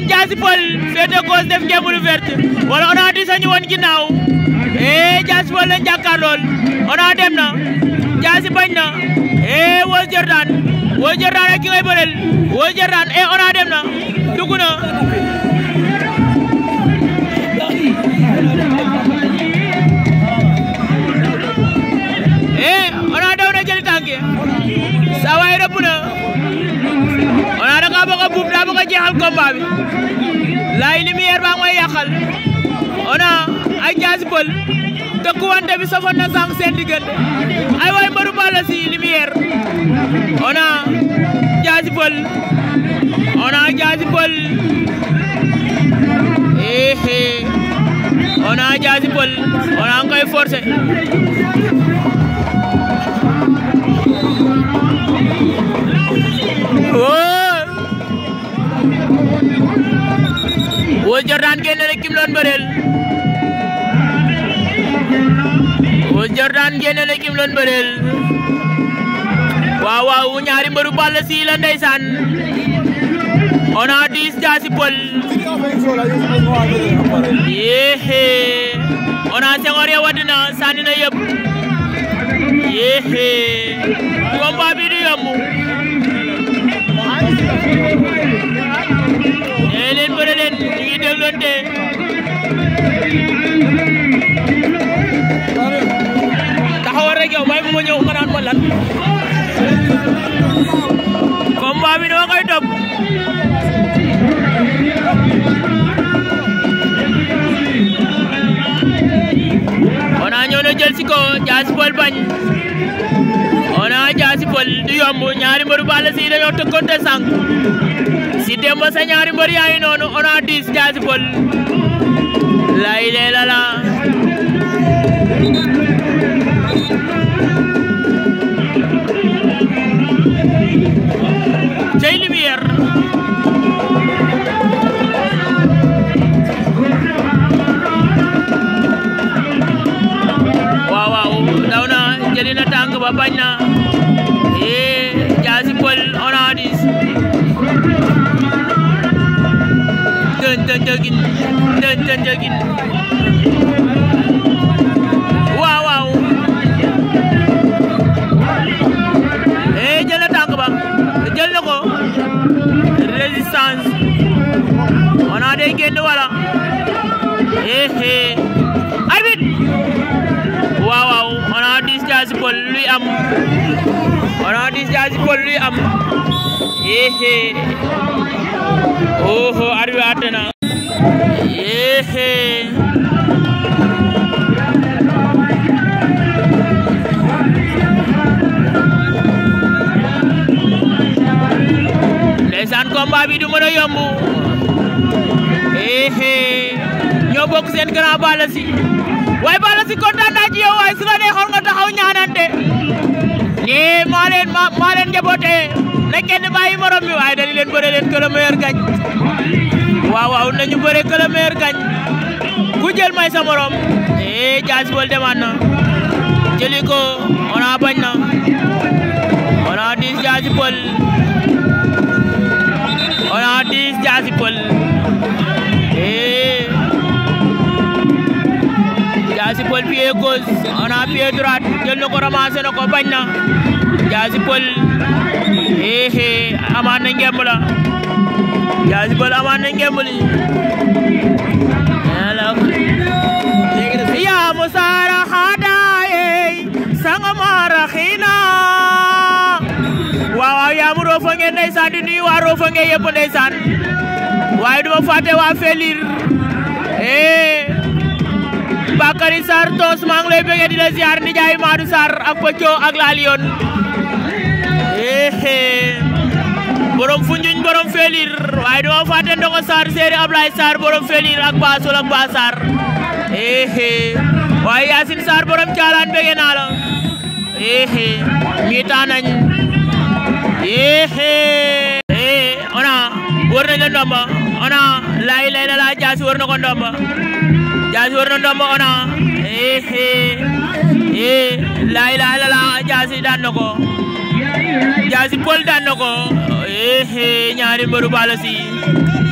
Tidiane Diassy Peul féete def ngemb lu vert wala Onaty's a ñu woon ginnaaw eh Diassy Peul lañ jàkkaarlool Onaty dem na Diassy bañ na eh Weuz Jordan Weuz Jordan ak ki ngay Jordan eh Onaty dem na dugg na. yàqal combat baa mooy yàqal on ay jaasi pël dëkkuwante bi sofoon na sànq ay waay mbaru Balla Sy lumière on jaasi pël on a jaasi pël eh eh on jaasi pël on a koy Ous Jordan génn na kim loon bëreel Ous Jordan génn na kim loon bëreel waaw waaw ñaari mbëru Balla Sy la ndeysaan on a dix jaasi pël yéexé on a Senghor ya wadd na sànni na yëpp yéexé combat bi moom moo ñëw nga naan ko lan combat topp on a ñëw jël si ko pël bañ on a jaasi pël du yomb ñaari mbëru Balla Seye dañoo tëkkonte sànq si ñaari mbër yaa noonu on a dix jaasi pël lay lee la cey lumière waaw waaw daw na jëli na tànk ba bañ na ee jaasi pël on a dis tën tën jëgin tën tën jëgin day génn wala eh arbitre waaw waaw on a dit Diassy Peul luy am on a dit Diassy Peul luy am eh oh arbitre àtte na eh ndeysaan combat bi du mën a yomb ehe ñoo bokk seen grand Balla Sy waaye Balla Sy waaye su la neexoon nga taxaw ñaanante maa leen maa leen njaboote na kenn bàyyi morom mi waaye dañu leen bëre leen que le meilleur gagne waaw waaw nañu ku jël may sa morom eh Diass Peulh na jëli ko on na on a dit Diass gauche on a pied droite jël na bañ na Diassy Peul ehe amaat na ngemb la Diassy Peul na ngemb yaa mu saara xaada yeey sanga maara xiina waaw waaw yaa mu Rofange ndeysaan di nuyu duma fàtte waa Felir eh Bakary Sarr Toos maa ngi lay di la ziar nijaay Madou Sarr ak Pëcco ak La Lyon borom Foundiougne borom Félir waaye dama fàtte Ndongo Sarr Séeri Ablaye Sarr borom Félir ak Basol ak Ba Sarr waaye Yacine Sarr borom Thialane bëggee naa la mi taa nañ e, ona wër nañ la ndomba ona laay lay laa jaasi wër na ko ndomba Jaasi war na ndombo Ona eh eh, eh laa ilaaha illallaah Jaasi daan na ko Jaasi daan na ko eh, eh, ñaari mbëru Balla Gaye